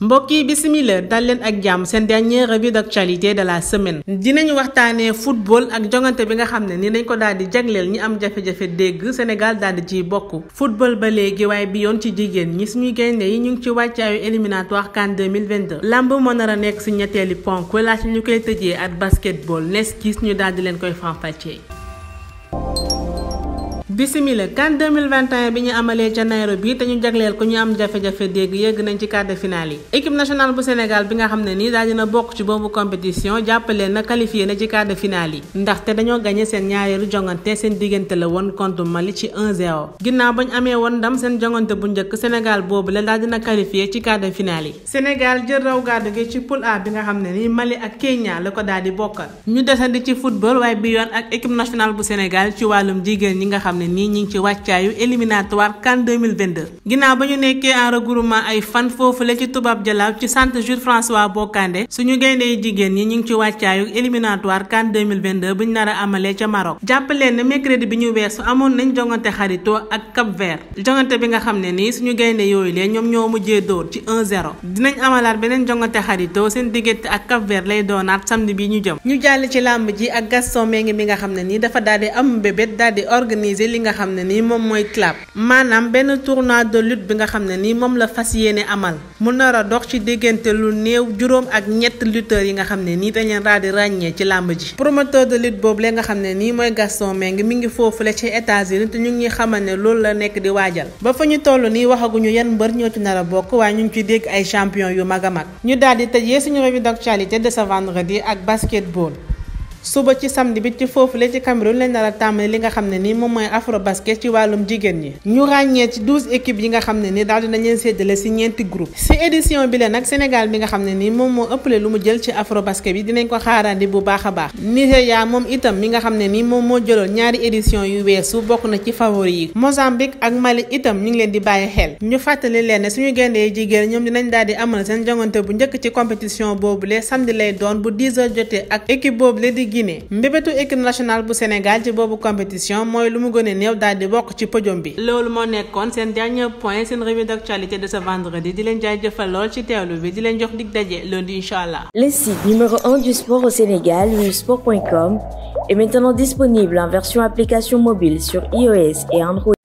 mbokk yi bisimila dal leen ak jàmm seen dernière revue d'actualité de la semaine dinañu waxtaanee football ak jongante bi nga xam ne ni dañ ko daal di jagleel ñi am jafe-jafe dégg Sénégal daal di ciy bokk football ba léegi waaye bi yoon ci jigéen ñi suñuy gaynde yi ñu ngi ci wàccaayu éliminatoire CAN 2022 lamb mën nar a nekk si ñetteeli ponk laata ñu koy tëjee at basketball nes gis ñu daal di leen koy faram bisimila CAN 2021 bi ñu amalee ca Nairobi te ñu jagleel ko ñu am jafe-jafe dégg yegg nañ ci quart de yi équipe nationale bu Sénégal bi nga xam ne nii daal dina bokk ci boobu compétition jàppaleen na qualifié na ci quart de finale yi ndaxte dañoo gagné seen ñaareelu jongante seen diggante la woon contre Mali ci 1-0 ginnaaw bañ amee woon ndam seen jongante bu njëkk Sénégal boobu la daal dina qualifié ci quart de finale yi Sénégal jël raw gàddu gi ci poule A bi nga xam ne nii bu Sénégal ci wàllum jigéen ñi nga nii ñi ngi ci wàccaayu éliminatoire CAN 2022. ginnaaw ba ñu nekkee en regroupement ay fan foofu la ci tubaab jalaaw ci centre Jules François Bocandé suñu gayndee jigéen ñi ñi ngi ci wàccaayu éliminatoire CAN 2022 buñ nar a amalee ca Maroc. jàppaleen ne mercredi bi ñu weesu amoon nañ jongante xaritoo ak Cap Vert jongante bi nga xam ne nii suñu gaynde yooyu lee ñoom ñoo mujjee dóor ci 1-0 dinañ amalaat beneen jongante xaritoo seen diggante ak Cap Vert lay doonaat samedi bi ñu jëm. ñu jàll ci làmb ji ak Gaston Mbengue mi nga xam ne nii dafa daal di am mbébét daal di organiser li nga xam ne nii moom mooy CLAB maanaam benn tournoi de lutte bi nga xam ne nii moom la fas yéene amal mu nar a dox ci diggante lu néew juróom ak ñett lutteurs yi nga xam ne nii dañ leen daal ràññee ci làmb ji promoteur de lutte boobu la nga xam ne nii mooy Gaston Mbengue mi ngi foofule ci États-Unis te ñu ngi xamal ne loolu la nekk di waajal ba fa ñu toll nii waxaguñu yan mbër ñoo ci nar a bokk waaye ñu ngi ci dégg ay champion yu mag a mag ñu daal di tëjee suñu revue d'actualité de ce vendredi ak basketball suba ci samedi bi ci foofu la ci Cameroun lañ nar a tàmbali li nga xam ne ni moom mooy afro basket ci wàllum jigéen ñi ñu ràññee ci douze équipes yi nga xam ne ni daal dinañ leen séddale si ñeenti groupe si édition bi la nag Sénégal bi nga xam ne ni moom moo ëppale lu mu jël ci afro basket bi dinañ ko xaarandi bu baax a baax Nigéria moom itam mi nga xam ne ni moom moo jëloon ñaari édition yu weesu bokk na ci favori yi Mozambique ak Mali itam ñu ngi leen di bàyyi xel ñu fàttali leen ne suñu gaynde yi jigéen ñoom dinañ daal di amal seen jongante bu njëkk ci compétition boobu le samedi lay doon bu Guinée mbébétu équipe nationale du Sénégal ci bobu compétition moy lu mu gën a néew di bok ci podium bi. loolu mo nekkoon sen dernier point sen revue d'actualité de ce vendredi di jay jaajëfal lool ci teewlu bi di len jox dig dajé lundi incha Le site numéro un du sport au Sénégal, sport.com est maintenant disponible en version application mobile sur iOS et Android.